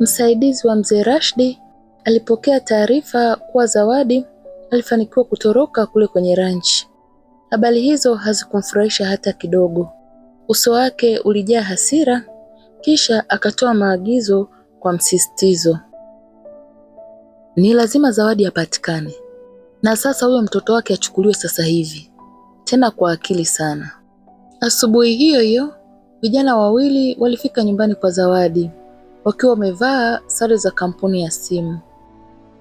Msaidizi wa Mzee rashdi alipokea taarifa kuwa Zawadi alifanikiwa kutoroka kule kwenye ranchi. Habari hizo hazikumfurahisha hata kidogo. Uso wake ulijaa hasira, kisha akatoa maagizo kwa msisitizo: ni lazima Zawadi apatikane, na sasa huyo mtoto wake achukuliwe sasa hivi, tena kwa akili sana. Asubuhi hiyo hiyo vijana wawili walifika nyumbani kwa Zawadi wakiwa wamevaa sare za kampuni ya simu.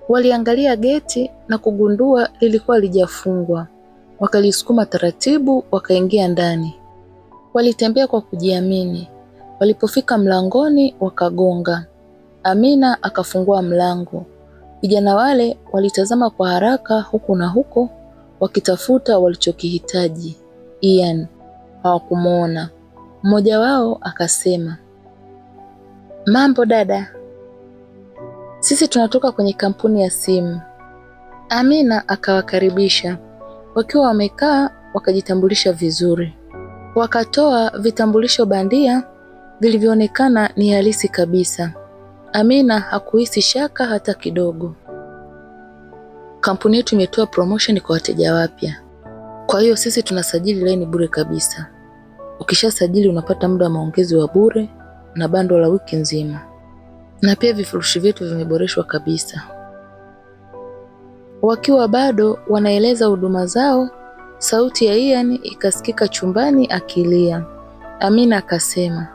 Waliangalia geti na kugundua lilikuwa lijafungwa Wakalisukuma taratibu, wakaingia ndani. Walitembea kwa kujiamini. Walipofika mlangoni, wakagonga. Amina akafungua mlango. Vijana wale walitazama kwa haraka huku na huko, wakitafuta walichokihitaji. Ian hawakumwona. Mmoja wao akasema Mambo dada, sisi tunatoka kwenye kampuni ya simu. Amina akawakaribisha wakiwa wamekaa, wakajitambulisha vizuri, wakatoa vitambulisho bandia vilivyoonekana ni halisi kabisa. Amina hakuhisi shaka hata kidogo. Kampuni yetu imetoa promotion kwa wateja wapya, kwa hiyo sisi tunasajili laini bure kabisa. Ukishasajili unapata muda wa maongezi wa bure na bando la wiki nzima, na pia vifurushi vyetu vimeboreshwa kabisa. Wakiwa bado wanaeleza huduma zao, sauti ya Ian ikasikika chumbani akilia. Amina akasema,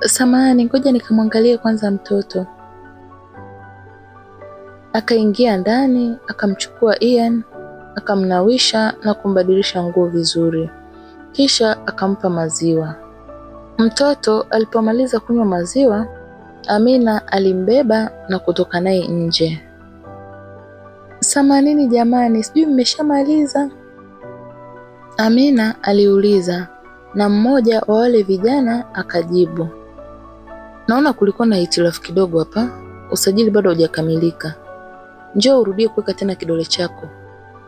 samahani, ngoja nikamwangalie kwanza mtoto. Akaingia ndani akamchukua Ian akamnawisha na kumbadilisha nguo vizuri, kisha akampa maziwa. Mtoto alipomaliza kunywa maziwa, Amina alimbeba na kutoka naye nje. Samanini jamani, sijui mmeshamaliza? Amina aliuliza na mmoja wa wale vijana akajibu, naona kulikuwa na hitilafu kidogo hapa, usajili bado hujakamilika, Njoo urudie kuweka tena kidole chako.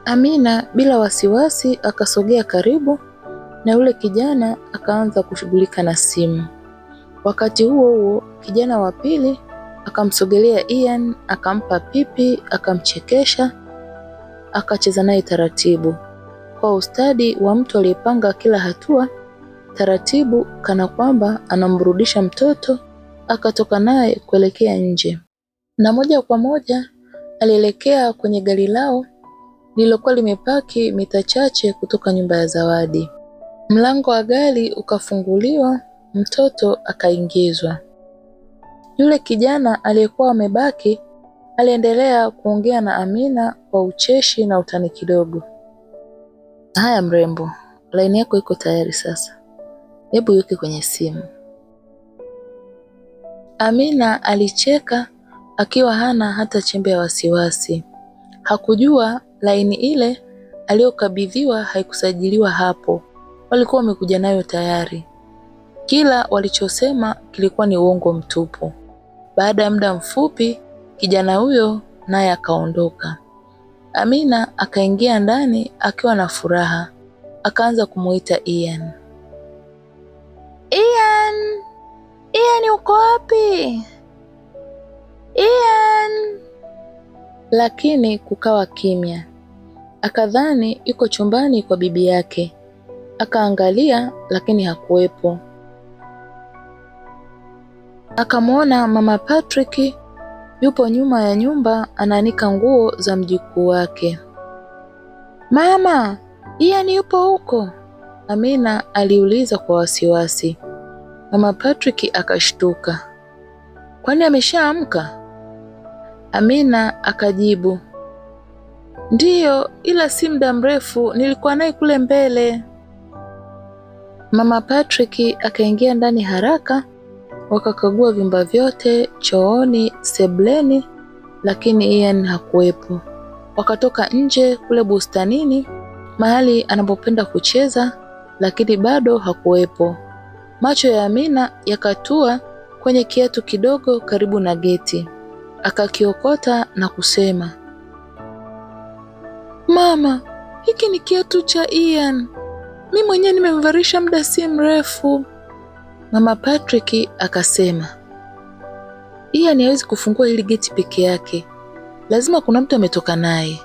Amina bila wasiwasi akasogea karibu na yule kijana akaanza kushughulika na simu. Wakati huo huo, kijana wa pili akamsogelea Ian, akampa pipi, akamchekesha, akacheza naye taratibu kwa ustadi wa mtu aliyepanga kila hatua taratibu, kana kwamba anamrudisha mtoto. Akatoka naye kuelekea nje, na moja kwa moja alielekea kwenye gari lao lililokuwa limepaki mita chache kutoka nyumba ya Zawadi. Mlango wa gari ukafunguliwa, mtoto akaingizwa. Yule kijana aliyekuwa amebaki aliendelea kuongea na Amina kwa ucheshi na utani kidogo. Haya mrembo, laini yako iko tayari sasa, hebu iweke kwenye simu. Amina alicheka akiwa hana hata chembe ya wasiwasi. Hakujua laini ile aliyokabidhiwa haikusajiliwa hapo, walikuwa wamekuja nayo tayari. Kila walichosema kilikuwa ni uongo mtupu. Baada ya muda mfupi, kijana huyo naye akaondoka. Amina akaingia ndani akiwa na furaha, akaanza kumuita Ian. Ian, Ian, uko wapi? Ian! Lakini kukawa kimya. Akadhani yuko chumbani kwa bibi yake, Akaangalia lakini hakuwepo. Akamwona mama Patrick yupo nyuma ya nyumba anaanika nguo za mjukuu wake. Mama, Ian yupo huko? Amina aliuliza kwa wasiwasi. Mama Patrick akashtuka. Kwani ameshaamka? Amina akajibu, ndiyo, ila si muda mrefu, nilikuwa naye kule mbele. Mama Patrick akaingia ndani haraka, wakakagua vyumba vyote, chooni, sebleni, lakini Ian hakuwepo. Wakatoka nje kule bustanini, mahali anapopenda kucheza, lakini bado hakuwepo. Macho ya Amina yakatua kwenye kiatu kidogo karibu na geti, akakiokota na kusema, mama, hiki ni kiatu cha Ian mi mwenyewe nimemvarisha muda si mrefu. Mama Patrick akasema, Ian hawezi kufungua hili geti peke yake, lazima kuna mtu ametoka naye.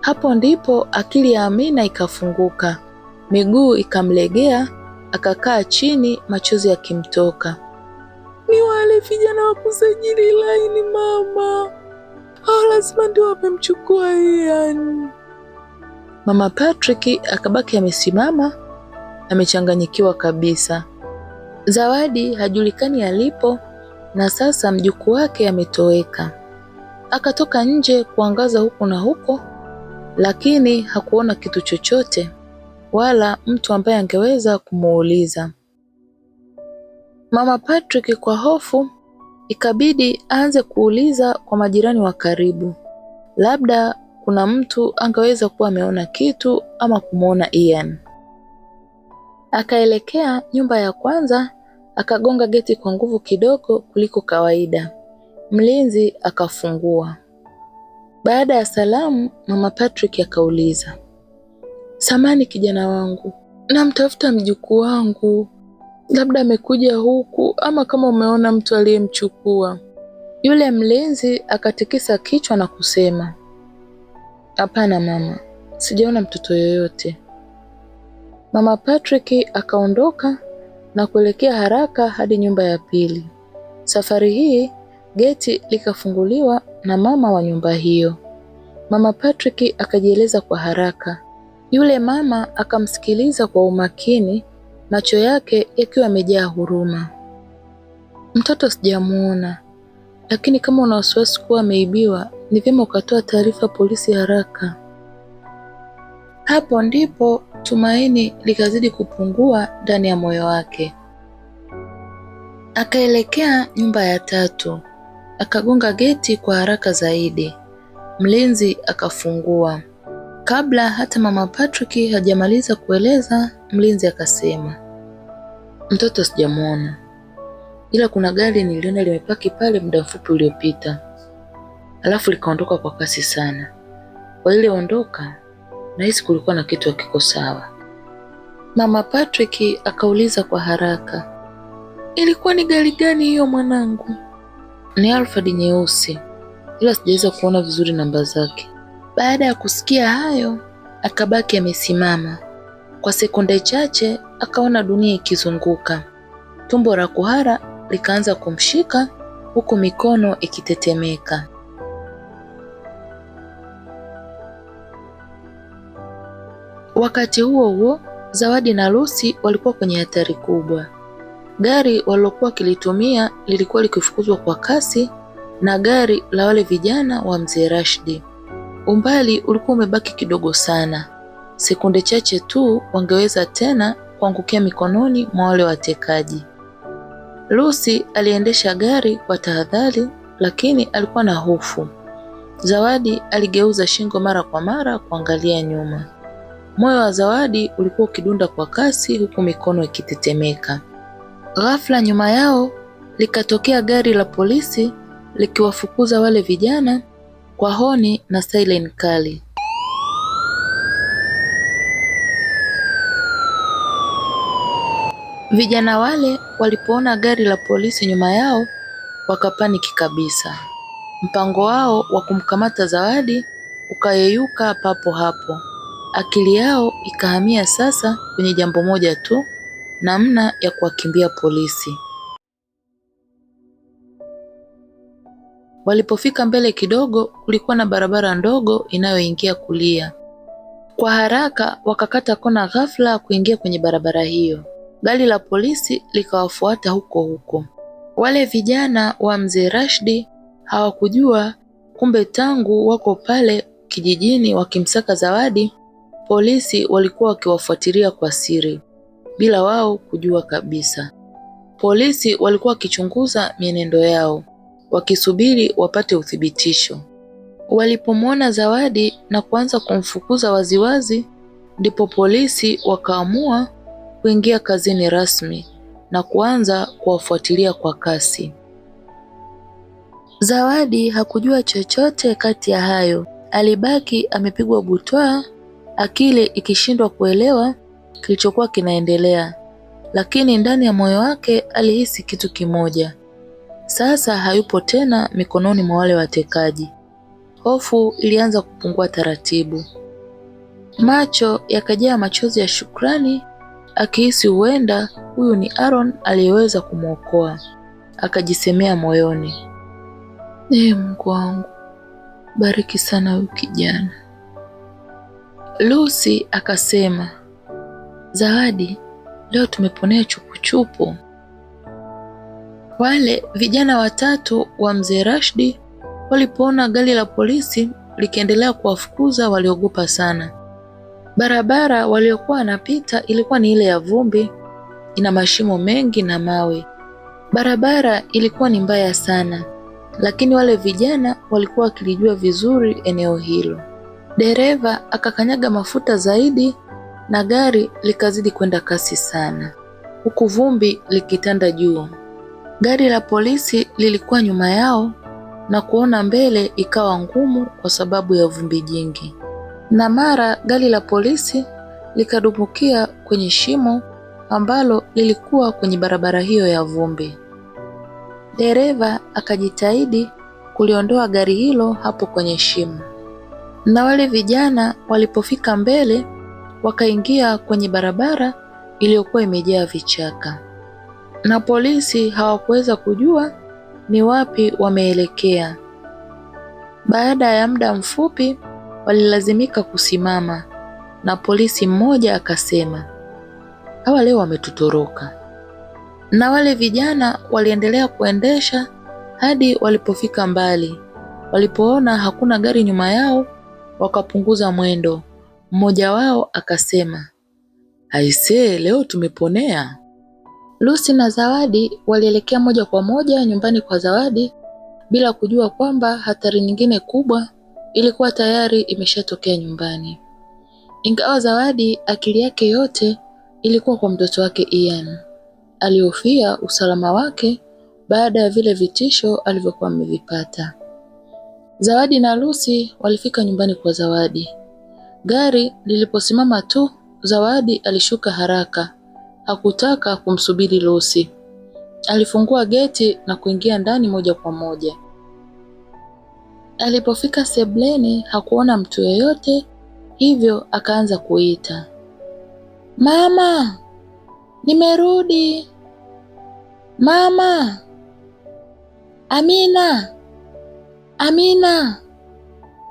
Hapo ndipo akili ya Amina ikafunguka, miguu ikamlegea, akakaa chini, machozi yakimtoka. Ni wale vijana wa kusajili laini, mama hao lazima ndio wamemchukua Ian. Mama Patrick akabaki amesimama amechanganyikiwa kabisa. Zawadi hajulikani alipo na sasa mjukuu wake ametoweka. Akatoka nje kuangaza huku na huko, lakini hakuona kitu chochote wala mtu ambaye angeweza kumuuliza. Mama Patrick kwa hofu ikabidi aanze kuuliza kwa majirani wa karibu, labda kuna mtu angeweza kuwa ameona kitu ama kumwona Ian. Akaelekea nyumba ya kwanza, akagonga geti kwa nguvu kidogo kuliko kawaida. Mlinzi akafungua. Baada ya salamu, mama Patrick akauliza, samani kijana wangu, namtafuta mjukuu wangu, labda amekuja huku ama kama umeona mtu aliyemchukua. Yule mlinzi akatikisa kichwa na kusema Hapana mama, sijaona mtoto yoyote. Mama Patrick akaondoka na kuelekea haraka hadi nyumba ya pili. Safari hii geti likafunguliwa na mama wa nyumba hiyo. Mama Patrick akajieleza kwa haraka. Yule mama akamsikiliza kwa umakini, macho yake yakiwa yamejaa huruma. Mtoto sijamuona, lakini kama una wasiwasi kuwa ameibiwa, ni vyema ukatoa taarifa polisi haraka. Hapo ndipo tumaini likazidi kupungua ndani ya moyo wake. Akaelekea nyumba ya tatu, akagonga geti kwa haraka zaidi. Mlinzi akafungua. Kabla hata mama Patrick hajamaliza kueleza, mlinzi akasema, mtoto sijamwona ila kuna gari niliona limepaki pale muda mfupi uliopita, alafu likaondoka kwa kasi sana. Kwa ile ondoka, nahisi kulikuwa na kitu hakiko sawa. Mama Patrick akauliza kwa haraka, ilikuwa ni gari gani hiyo mwanangu? Ni Alfred nyeusi, ila sijaweza kuona vizuri namba zake. Baada ya kusikia hayo, akabaki amesimama kwa sekunde chache, akaona dunia ikizunguka. Tumbo la kuhara likaanza kumshika huku mikono ikitetemeka. Wakati huo huo, Zawadi na Lucy walikuwa kwenye hatari kubwa. Gari walilokuwa wakilitumia lilikuwa likifukuzwa kwa kasi na gari la wale vijana wa mzee Rashidi. Umbali ulikuwa umebaki kidogo sana, sekunde chache tu wangeweza tena kuangukia mikononi mwa wale watekaji. Lucy aliendesha gari kwa tahadhari, lakini alikuwa na hofu. Zawadi aligeuza shingo mara kwa mara kuangalia nyuma. Moyo wa Zawadi ulikuwa ukidunda kwa kasi, huku mikono ikitetemeka. Ghafla nyuma yao likatokea gari la polisi likiwafukuza wale vijana kwa honi na siren kali. Vijana wale walipoona gari la polisi nyuma yao wakapaniki kabisa. Mpango wao wa kumkamata Zawadi ukayeyuka papo hapo. Akili yao ikahamia sasa kwenye jambo moja tu, namna ya kuwakimbia polisi. Walipofika mbele kidogo, kulikuwa na barabara ndogo inayoingia kulia. Kwa haraka wakakata kona ghafla kuingia kwenye barabara hiyo gari la polisi likawafuata huko huko. Wale vijana wa mzee Rashidi hawakujua kumbe, tangu wako pale kijijini wakimsaka Zawadi, polisi walikuwa wakiwafuatilia kwa siri bila wao kujua kabisa. Polisi walikuwa wakichunguza mienendo yao wakisubiri wapate uthibitisho. Walipomwona Zawadi na kuanza kumfukuza waziwazi, ndipo polisi wakaamua kuingia kazini rasmi na kuanza kuwafuatilia kwa kasi. Zawadi hakujua chochote kati ya hayo, alibaki amepigwa butwaa, akili ikishindwa kuelewa kilichokuwa kinaendelea, lakini ndani ya moyo wake alihisi kitu kimoja: sasa hayupo tena mikononi mwa wale watekaji. Hofu ilianza kupungua taratibu, macho yakajaa machozi ya shukrani akihisi huenda huyu ni Aaron aliyeweza kumwokoa. Akajisemea moyoni, ee Mungu wangu, bariki sana huyu kijana. Lucy akasema, Zawadi, leo tumeponea chupuchupu. Wale vijana watatu wa mzee Rashidi walipoona gari la polisi likiendelea kuwafukuza waliogopa sana, Barabara waliokuwa wanapita ilikuwa ni ile ya vumbi, ina mashimo mengi na mawe. Barabara ilikuwa ni mbaya sana, lakini wale vijana walikuwa wakilijua vizuri eneo hilo. Dereva akakanyaga mafuta zaidi na gari likazidi kwenda kasi sana, huku vumbi likitanda juu. Gari la polisi lilikuwa nyuma yao na kuona mbele ikawa ngumu kwa sababu ya vumbi jingi na mara gari la polisi likadumbukia kwenye shimo ambalo lilikuwa kwenye barabara hiyo ya vumbi. Dereva akajitahidi kuliondoa gari hilo hapo kwenye shimo, na wale vijana walipofika mbele wakaingia kwenye barabara iliyokuwa imejaa vichaka, na polisi hawakuweza kujua ni wapi wameelekea. Baada ya muda mfupi walilazimika kusimama na polisi mmoja akasema, hawa leo wametutoroka. Na wale vijana waliendelea kuendesha hadi walipofika mbali. Walipoona hakuna gari nyuma yao, wakapunguza mwendo. Mmoja wao akasema, aisee, leo tumeponea. Lucy na Zawadi walielekea moja kwa moja nyumbani kwa Zawadi bila kujua kwamba hatari nyingine kubwa ilikuwa tayari imeshatokea nyumbani. Ingawa Zawadi akili yake yote ilikuwa kwa mtoto wake Ian, alihofia usalama wake baada ya vile vitisho alivyokuwa amevipata. Zawadi na Lucy walifika nyumbani kwa Zawadi. Gari liliposimama tu, Zawadi alishuka haraka, hakutaka kumsubiri Lucy. Alifungua geti na kuingia ndani moja kwa moja. Alipofika sebleni hakuona mtu yeyote, hivyo akaanza kuita, mama, nimerudi, mama, Amina, Amina.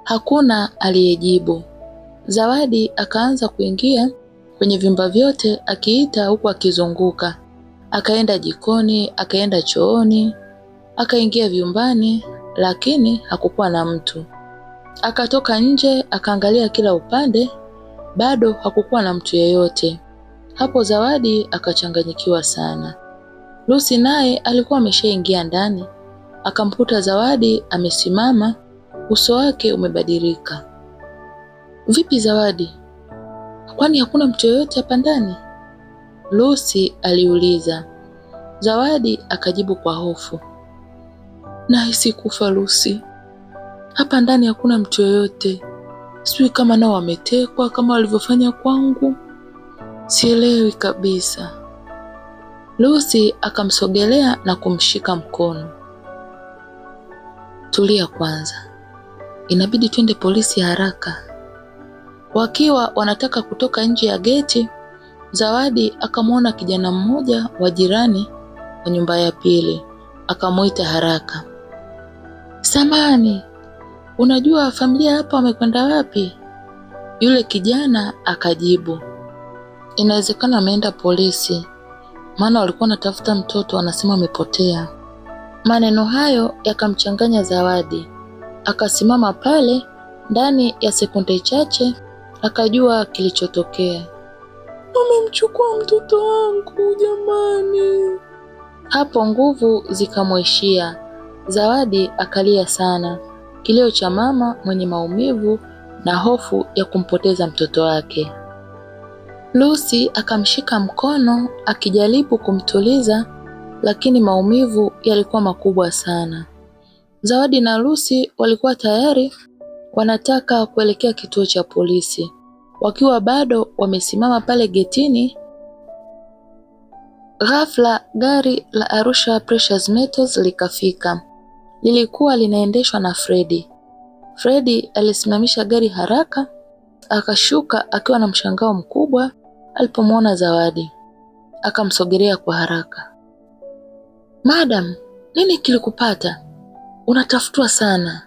Hakuna aliyejibu. Zawadi akaanza kuingia kwenye vyumba vyote akiita huku akizunguka. Akaenda jikoni, akaenda chooni, akaingia vyumbani, lakini hakukuwa na mtu. Akatoka nje akaangalia kila upande, bado hakukuwa na mtu yeyote. Hapo Zawadi akachanganyikiwa sana. Lucy naye alikuwa ameshaingia ndani, akamkuta Zawadi amesimama, uso wake umebadilika. Vipi Zawadi, kwani hakuna mtu yeyote hapa ndani? Lucy aliuliza. Zawadi akajibu kwa hofu, na kufa Lucy. Hapa ndani hakuna mtu yoyote, sijui kama nao wametekwa kama walivyofanya kwangu, sielewi kabisa. Lucy akamsogelea na kumshika mkono. Tulia kwanza, inabidi twende polisi haraka. Wakiwa wanataka kutoka nje ya geti, Zawadi akamwona kijana mmoja wa jirani wa nyumba ya pili, akamwita haraka. Samani, unajua familia hapa wamekwenda wapi? Yule kijana akajibu, inawezekana ameenda polisi, maana walikuwa wanatafuta mtoto, anasema amepotea. Maneno hayo yakamchanganya Zawadi, akasimama pale. Ndani ya sekunde chache akajua kilichotokea. Amemchukua mtoto wangu, jamani! Hapo nguvu zikamwishia, Zawadi akalia sana, kilio cha mama mwenye maumivu na hofu ya kumpoteza mtoto wake. Lucy akamshika mkono akijaribu kumtuliza, lakini maumivu yalikuwa makubwa sana. Zawadi na Lucy walikuwa tayari wanataka kuelekea kituo cha polisi, wakiwa bado wamesimama pale getini. Ghafla gari la Arusha Precious Metals likafika lilikuwa linaendeshwa na Fredi. Fredi alisimamisha gari haraka, akashuka akiwa na mshangao mkubwa alipomwona Zawadi. Akamsogelea kwa haraka. Madam, nini kilikupata? Unatafutwa sana.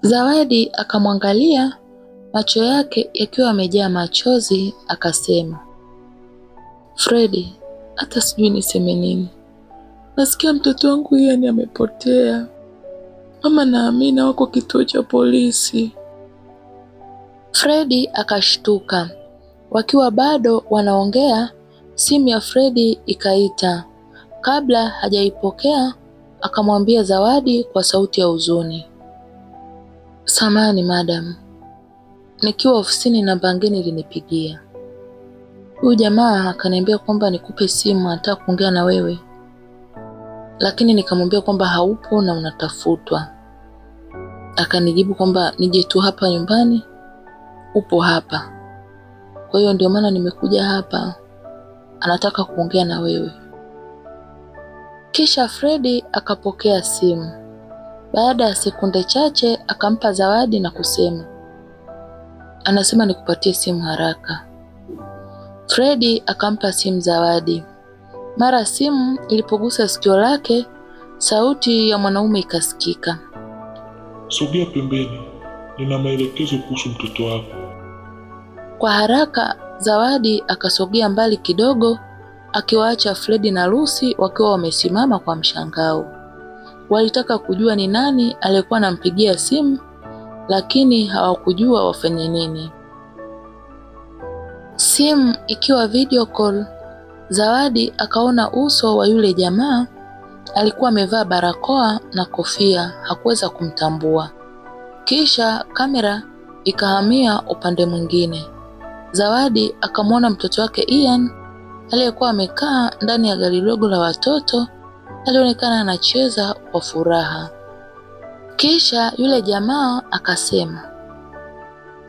Zawadi akamwangalia, macho yake yakiwa yamejaa machozi, akasema, Fredi, hata sijui niseme nini. Nasikia mtoto wangu yani amepotea. Mama na Amina wako kituo cha polisi. Fredi akashtuka. Wakiwa bado wanaongea, simu ya Fredi ikaita. Kabla hajaipokea, akamwambia Zawadi kwa sauti ya huzuni, samani madam, nikiwa ofisini na bangeni ilinipigia. Huyu jamaa akaniambia kwamba nikupe simu, anataka kuongea na wewe lakini nikamwambia kwamba haupo na unatafutwa. Akanijibu kwamba nije tu hapa nyumbani, upo hapa, kwa hiyo ndio maana nimekuja hapa, anataka kuongea na wewe. Kisha Fredi akapokea simu. Baada ya sekunde chache akampa zawadi na kusema, anasema nikupatie simu haraka. Fredi akampa simu zawadi. Mara simu ilipogusa sikio lake, sauti ya mwanaume ikasikika, sogea pembeni, nina maelekezo kuhusu mtoto wako. Kwa haraka Zawadi akasogea mbali kidogo, akiwaacha Fredi na Lucy wakiwa wamesimama kwa mshangao. Walitaka kujua ni nani aliyekuwa anampigia simu, lakini hawakujua wafanye nini. Simu ikiwa video call Zawadi akaona uso wa yule jamaa, alikuwa amevaa barakoa na kofia, hakuweza kumtambua. Kisha kamera ikahamia upande mwingine. Zawadi akamwona mtoto wake Ian aliyekuwa amekaa ndani ya gari dogo la watoto, alionekana anacheza kwa furaha. Kisha yule jamaa akasema,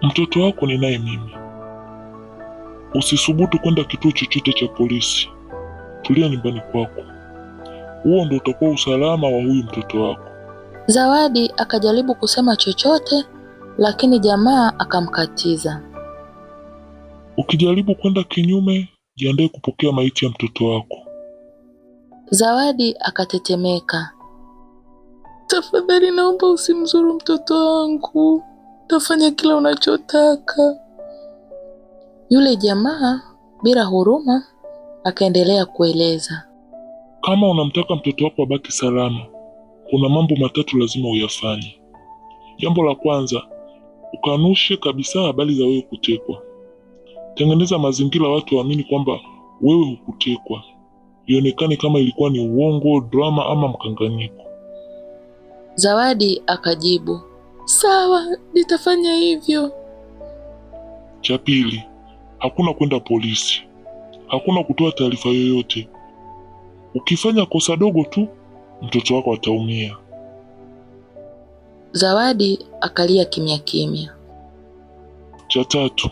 mtoto wako ni naye mimi. Usisubutu kwenda kituo chochote cha polisi, tulia nyumbani kwako. Huo ndo utakuwa usalama wa huyu mtoto wako. Zawadi akajaribu kusema chochote, lakini jamaa akamkatiza. Ukijaribu kwenda kinyume, jiandae kupokea maiti ya mtoto wako. Zawadi akatetemeka. Tafadhali naomba usimzuru mtoto wangu, tafanya kila unachotaka. Yule jamaa bila huruma akaendelea kueleza, kama unamtaka mtoto wako abaki salama, kuna mambo matatu lazima uyafanye. Jambo la kwanza, ukanushe kabisa habari za wewe kutekwa. Tengeneza mazingira watu waamini kwamba wewe hukutekwa, ionekane kama ilikuwa ni uongo, drama ama mkanganyiko. Zawadi akajibu, sawa, nitafanya hivyo. Cha pili hakuna kwenda polisi, hakuna kutoa taarifa yoyote. Ukifanya kosa dogo tu, mtoto wako ataumia. Zawadi akalia kimya kimya. Cha tatu,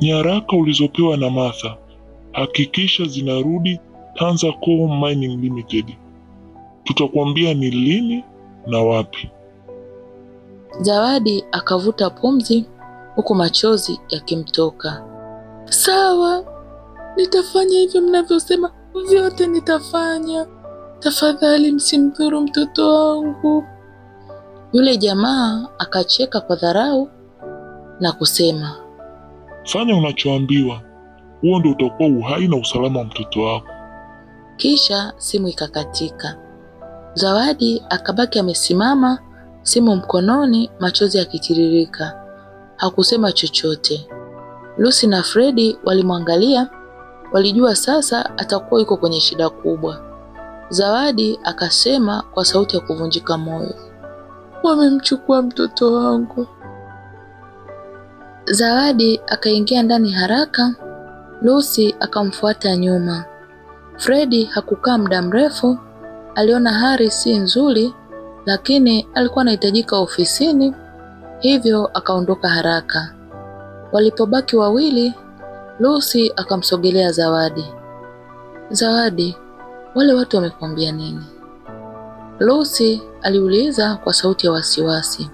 nyaraka ulizopewa na Martha hakikisha zinarudi Tanza Coal Mining Limited. Tutakuambia ni lini na wapi. Zawadi akavuta pumzi huku machozi yakimtoka. Sawa, nitafanya hivyo mnavyosema, vyote nitafanya. Tafadhali msimdhuru mtoto wangu. Yule jamaa akacheka kwa dharau na kusema, fanya unachoambiwa, huo ndio utakuwa uhai na usalama wa mtoto wako. Kisha simu ikakatika. Zawadi akabaki amesimama, simu mkononi, machozi yakitiririka. Hakusema chochote. Lucy na Fredi walimwangalia, walijua sasa atakuwa yuko kwenye shida kubwa. Zawadi akasema kwa sauti ya kuvunjika moyo, wamemchukua mtoto wangu. Zawadi akaingia ndani haraka, Lucy akamfuata nyuma. Fredi hakukaa muda mrefu, aliona hali si nzuri, lakini alikuwa anahitajika ofisini, hivyo akaondoka haraka. Walipobaki wawili, Lucy akamsogelea Zawadi. Zawadi, wale watu wamekwambia nini? Lucy aliuliza kwa sauti ya wasiwasi.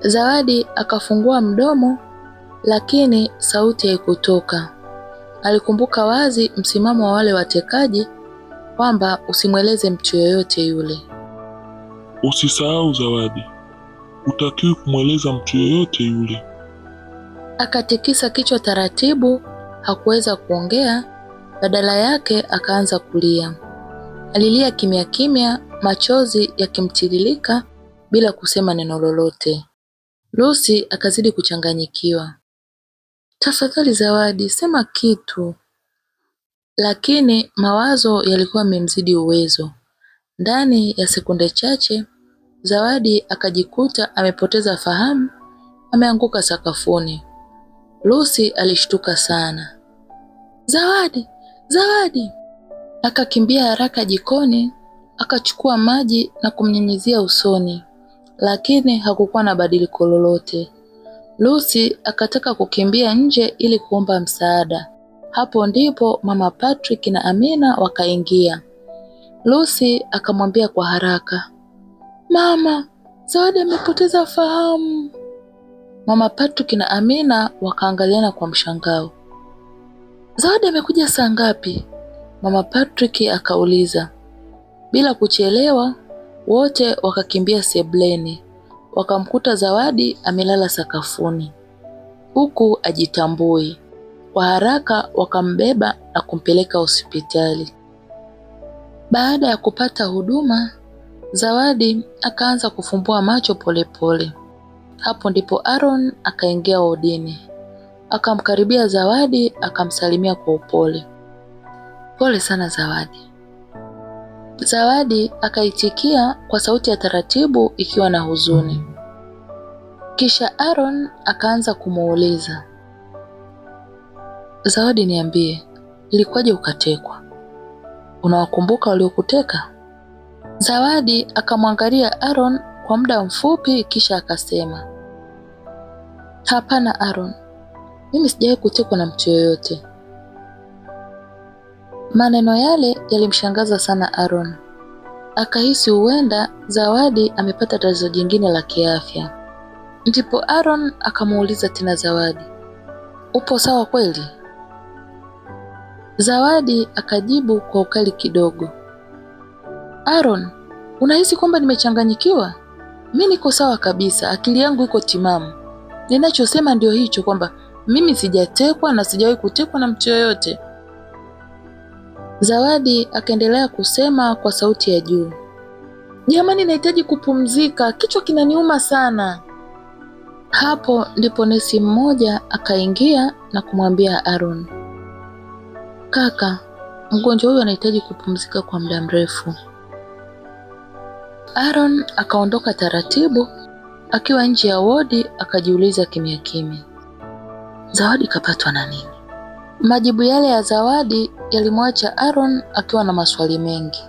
Zawadi akafungua mdomo lakini sauti haikutoka. Alikumbuka wazi msimamo wa wale watekaji kwamba usimweleze mtu yoyote yule. Usisahau Zawadi, hutakiwi kumweleza mtu yoyote yule. Akatikisa kichwa taratibu, hakuweza kuongea, badala yake akaanza kulia. Alilia kimya kimya, machozi yakimtiririka bila kusema neno lolote. Lucy akazidi kuchanganyikiwa. Tafadhali Zawadi, sema kitu. Lakini mawazo yalikuwa yamemzidi uwezo. Ndani ya sekunde chache, Zawadi akajikuta amepoteza fahamu, ameanguka sakafuni. Lucy alishtuka sana. Zawadi, Zawadi! Akakimbia haraka jikoni, akachukua maji na kumnyunyizia usoni, lakini hakukuwa na badiliko lolote. Lucy akataka kukimbia nje ili kuomba msaada. Hapo ndipo mama Patrick na Amina wakaingia. Lucy akamwambia kwa haraka, "Mama, Zawadi amepoteza fahamu." Mama Patrick na Amina wakaangaliana kwa mshangao. Zawadi amekuja saa ngapi? Mama Patrick akauliza. Bila kuchelewa, wote wakakimbia sebleni, wakamkuta Zawadi amelala sakafuni huku ajitambui. Kwa haraka wakambeba na kumpeleka hospitali. Baada ya kupata huduma, Zawadi akaanza kufumbua macho polepole pole. Hapo ndipo Aaron akaingia wodini, akamkaribia Zawadi akamsalimia kwa upole, pole sana Zawadi. Zawadi akaitikia kwa sauti ya taratibu ikiwa na huzuni. Kisha Aaron akaanza kumuuliza, Zawadi, niambie, ilikuwaje ukatekwa? Unawakumbuka waliokuteka? Zawadi akamwangalia Aaron kwa muda mfupi, kisha akasema, hapana Aaron, mimi sijawahi kutekwa na mtu yoyote. Maneno yale yalimshangaza sana Aaron, akahisi huenda Zawadi amepata tatizo jingine la kiafya. Ndipo Aaron akamuuliza tena Zawadi, upo sawa kweli? Zawadi akajibu kwa ukali kidogo, Aaron, unahisi kwamba nimechanganyikiwa? Mi niko sawa kabisa, akili yangu iko timamu. Ninachosema ndio hicho kwamba mimi sijatekwa na sijawahi kutekwa na mtu yoyote. Zawadi akaendelea kusema kwa sauti ya juu, jamani, nahitaji kupumzika, kichwa kinaniuma sana. Hapo ndipo nesi mmoja akaingia na kumwambia Aaron, kaka, mgonjwa huyu anahitaji kupumzika kwa muda mrefu. Aaron akaondoka taratibu, akiwa nje ya wodi akajiuliza kimya kimya, Zawadi kapatwa na nini? Majibu yale ya Zawadi yalimwacha Aaron akiwa na maswali mengi.